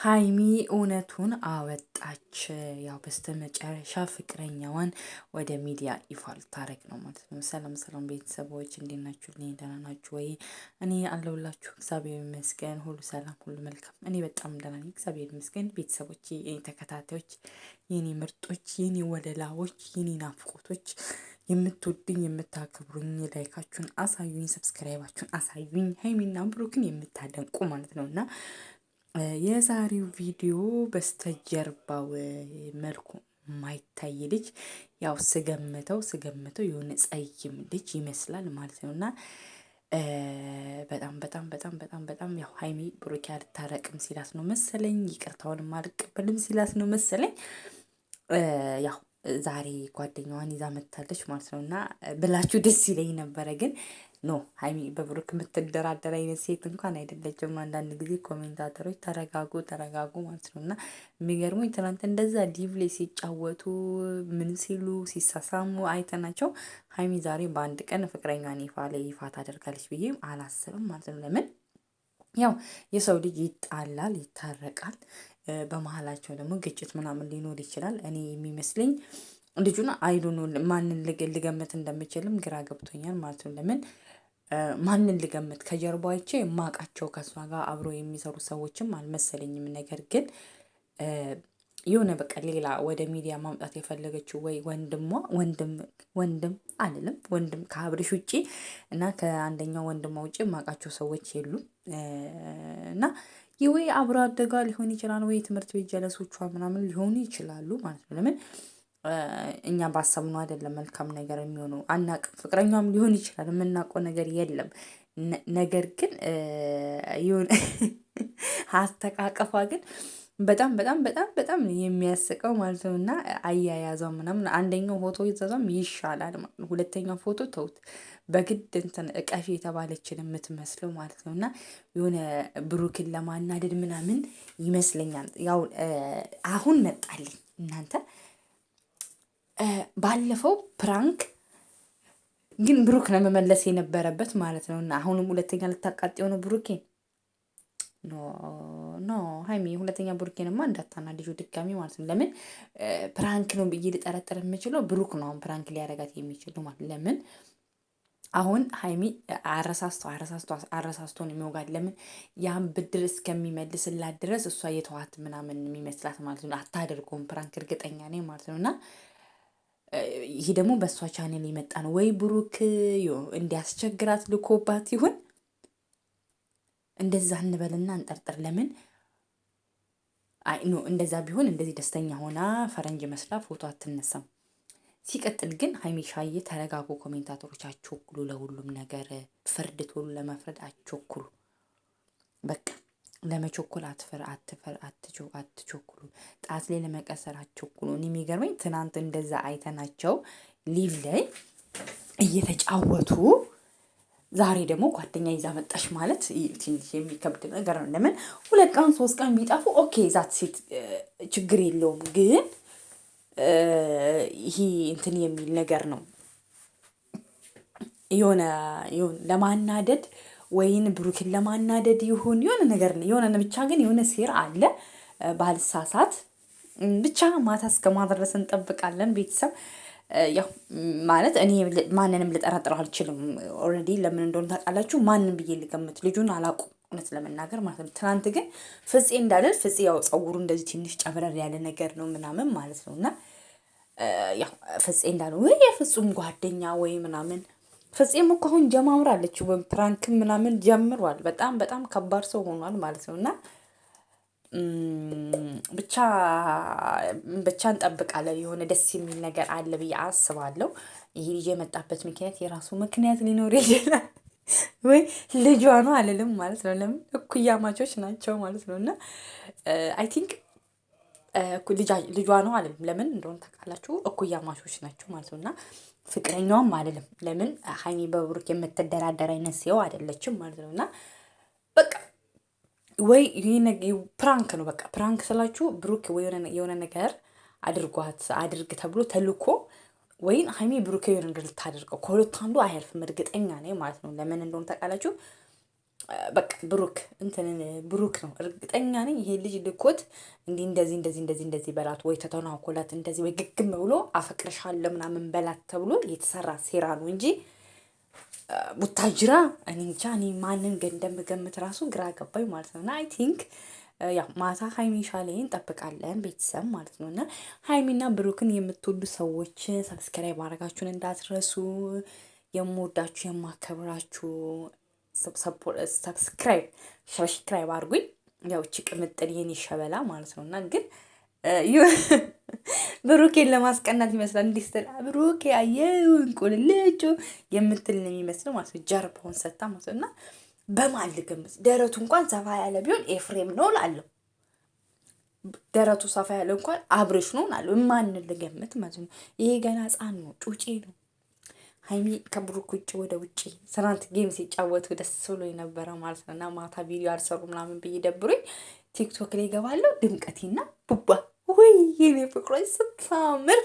ሀይሚ እውነቱን አወጣች። ያው በስተ መጨረሻ ፍቅረኛዋን ወደ ሚዲያ ይፋ ልታረግ ነው ማለት ነው። ሰላም ሰላም ቤተሰቦች እንዴት ናችሁ? ልኝ ደህና ናችሁ ወይ? እኔ አለሁላችሁ። እግዚአብሔር ይመስገን፣ ሁሉ ሰላም፣ ሁሉ መልካም። እኔ በጣም ደህና ነኝ፣ እግዚአብሔር ይመስገን። ቤተሰቦች፣ የኔ ተከታታዮች፣ የኔ ምርጦች፣ የኔ ወለላዎች፣ የኔ ናፍቆቶች፣ የምትወድኝ የምታከብሩኝ፣ ላይካችሁን አሳዩኝ፣ ሰብስክራይባችሁን አሳዩኝ፣ ሀይሚና ብሩክን የምታደንቁ ማለት ነው እና የዛሬው ቪዲዮ በስተጀርባው መልኩ ማይታይ ልጅ ያው ስገምተው ስገምተው የሆነ ጸይም ልጅ ይመስላል ማለት ነው። እና በጣም በጣም በጣም በጣም በጣም ያው ሀይሚ ብሩኬ አልታረቅም ሲላት ነው መሰለኝ፣ ይቅርታውን አልቀበልም ሲላት ነው መሰለኝ። ያው ዛሬ ጓደኛዋን ይዛ መታለች ማለት ነው እና ብላችሁ ደስ ይለኝ ነበረ ግን ኖ ሀይሚ በብሩክ የምትደራደር አይነት ሴት እንኳን አይደለችም። አንዳንድ ጊዜ ኮሜንታተሮች ተረጋጉ ተረጋጉ ማለት ነው እና የሚገርሙኝ ትናንት እንደዛ ሊቭ ላይ ሲጫወቱ ምን ሲሉ ሲሳሳሙ አይተናቸው ሀይሚ ዛሬ በአንድ ቀን ፍቅረኛዋን ይፋ ላይ ይፋ ታደርጋለች ብዬ አላስብም ማለት ነው። ለምን ያው የሰው ልጅ ይጣላል፣ ይታረቃል። በመሀላቸው ደግሞ ግጭት ምናምን ሊኖር ይችላል። እኔ የሚመስለኝ ልጁን አይሉን ማንን ልገምት እንደምችልም ግራ ገብቶኛል ማለት ነው ለምን ማንን ልገምት ከጀርባ አይቼ የማውቃቸው ከእሷ ጋር አብሮ የሚሰሩ ሰዎችም አልመሰለኝም። ነገር ግን የሆነ በቃ ሌላ ወደ ሚዲያ ማምጣት የፈለገችው ወይ ወንድሟ ወንድም ወንድም አልልም ወንድም ከአብርሽ ውጪ እና ከአንደኛው ወንድሟ ውጪ የማውቃቸው ሰዎች የሉም እና የወይ አብሮ አደጋ ሊሆን ይችላል ወይ ትምህርት ቤት ጀለሶቿ ምናምን ሊሆኑ ይችላሉ ማለት ነው ለምን እኛ ባሰብነው አይደለም መልካም ነገር የሚሆነው። አናቅም፣ ፍቅረኛም ሊሆን ይችላል፣ የምናውቀው ነገር የለም። ነገር ግን የሆነ አስተቃቀፏ ግን በጣም በጣም በጣም በጣም የሚያስቀው ማለት ነው። እና አያያዟ ምናምን አንደኛው ፎቶ ይዛዟም ይሻላል ማለት ነው። ሁለተኛው ፎቶ ተውት፣ በግድ እንትን እቀፊ የተባለችን የምትመስለው ማለት ነው። እና የሆነ ብሩክን ለማናደድ ምናምን ይመስለኛል። ያው አሁን መጣልኝ እናንተ ባለፈው ፕራንክ ግን ብሩክ ነው መመለስ የነበረበት ማለት ነው። እና አሁንም ሁለተኛ ልታቃጥ የሆነ ብሩኬ። ኖ ኖ ሀይሚ ሁለተኛ ብሩኬንማ እንዳታናድጂው ድጋሚ ማለት ነው። ለምን ፕራንክ ነው ብዬ ልጠረጥር የምችለው ብሩክ ነው አሁን ፕራንክ ሊያረጋት የሚችሉ ማለት ለምን አሁን ሀይሚ አረሳስቶ አረሳስቶ አረሳስቶ ነው የሚወጋት። ለምን ያን ብድር እስከሚመልስላት ድረስ እሷ የተዋት ምናምን የሚመስላት ማለት ነው። አታደርገውም ፕራንክ እርግጠኛ ነኝ ማለት ነው እና ይሄ ደግሞ በእሷ ቻኔል የመጣ ነው ወይ ብሩክ እንዲያስቸግራት ልኮባት ይሆን? እንደዛ እንበልና እንጠርጥር። ለምን አይኖ እንደዛ ቢሆን እንደዚህ ደስተኛ ሆና ፈረንጅ መስላ ፎቶ አትነሳም። ሲቀጥል ግን ሀይሚሻዬ ተረጋጉ፣ ኮሜንታተሮች አቸኩሉ ለሁሉም ነገር ፍርድ ቶሎ ለመፍረድ አቸኩሉ በቃ ለመቸኮል አትፈር አትፈር አትቾ አትቸኩሉ ጣት ላይ ለመቀሰር አትቸኩሉ። እኔ የሚገርመኝ ትናንት እንደዛ አይተናቸው ሊቭ ላይ እየተጫወቱ ዛሬ ደግሞ ጓደኛ ይዛ መጣሽ ማለት ትንሽ የሚከብድ ነገር ነው። ለምን ሁለት ቀን ሶስት ቀን ቢጠፉ ኦኬ ዛት ሴት ችግር የለውም። ግን ይሄ እንትን የሚል ነገር ነው የሆነ ለማናደድ ወይን ብሩክን ለማናደድ ይሁን የሆነ ነገር የሆነ ብቻ ግን የሆነ ሴር አለ። ባልሳሳት ብቻ ማታ እስከ ማድረስ እንጠብቃለን ቤተሰብ ያው ማለት እኔ ማንንም ልጠረጥረው አልችልም። ኦልሬዲ ለምን እንደሆነ ታውቃላችሁ። ማንን ብዬ ልገምት? ልጁን አላቁ እውነት ለመናገር ማለት ነው። ትናንት ግን ፍፄ እንዳለን ፍጼ ያው ፀጉሩ እንደዚህ ትንሽ ጨብረር ያለ ነገር ነው ምናምን ማለት ነው እና ያው ፍጼ እንዳለ ወይ የፍጹም ጓደኛ ወይ ምናምን ፍፄም እኮ አሁን ጀማምራለች ፕራንክ ምናምን ጀምሯል። በጣም በጣም ከባድ ሰው ሆኗል ማለት ነው። እና ብቻ ብቻ እንጠብቃለን። የሆነ ደስ የሚል ነገር አለ ብዬ አስባለሁ። ይሄ ልጅ የመጣበት ምክንያት የራሱ ምክንያት ሊኖር ይችላል። ወይ ልጇ ነው አልልም ማለት ነው። ለምን እኩያማቾች ናቸው ማለት ነው። እና አይ ቲንክ ልጇ ነው አለም ለምን እንደሆነ ታውቃላችሁ፣ እኩያ ማሾች ናቸው ማለት ነው። እና ፍቅረኛዋም አልልም። ለምን ሀይሚ በብሩክ የምትደራደር አይነት ሲየው አይደለችም ማለት ነው። እና በቃ ወይ ፕራንክ ነው። በቃ ፕራንክ ስላችሁ ብሩክ የሆነ ነገር አድርጓት አድርግ ተብሎ ተልኮ ወይም ሀይሚ ብሩክ የሆነ ነገር ልታደርገው ከሁለቱ አንዱ አያልፍም። እርግጠኛ ነኝ ማለት ነው። ለምን እንደሆነ ታውቃላችሁ በቃ ብሩክ እንትን ብሩክ ነው እርግጠኛ ነኝ። ይሄ ልጅ ልኮት እንዲህ እንደዚህ እንደዚህ እንደዚህ እንደዚህ በላት ወይ ተተናኮላት እንደዚህ ወይ ግግም ብሎ አፈቅርሻለሁ ምናምን በላት ተብሎ የተሰራ ሴራ ነው እንጂ ቡታጅራ እኔ እንጃ እኔ ማንን እንደምገምት ራሱ ግራ ገባኝ ማለት ነው። እና አይ ቲንክ ያው ማታ ሀይሚ ሻሌን እንጠብቃለን ቤተሰብ ማለት ነው። እና ሀይሚና ብሩክን የምትወዱ ሰዎች ሰብስክራይብ ማድረጋችሁን እንዳትረሱ። የምወዳችሁ የማከብራችሁ ሰብስክራይብ ሰብስክራይብ uh, አድርጉኝ። ያው እቺ ቅምጥል የኔ ሸበላ ማለት ነው እና ግን ብሩኬን ለማስቀናት ይመስላል እንዲህ ብሩኬ አየው እንቁልልጩ የምትል ነው የሚመስለው ማለት ነው። ጀርባውን ሰታ ማለት ነው እና በማን ልገምት? ደረቱ እንኳን ሰፋ ያለ ቢሆን ኤፍሬም ነው ላለው ደረቱ ሰፋ ያለ እንኳን አብሬሽ ነው ላለው ማንን ልገምት ማለት ነው? ይሄ ገና ሕፃን ነው፣ ጩጬ ነው። ሀይሚ ከብሩክ ውጭ ወደ ውጭ ትናንት ጌም ሲጫወቱ ደስ ብሎ የነበረ ማለት ነው። እና ማታ ቪዲዮ አልሰሩ ምናምን ብዬ ደብሮኝ ቲክቶክ ላይ ይገባለሁ ድምቀቴና ቡባ ወይ የኔ ፍቅሮች ስታምር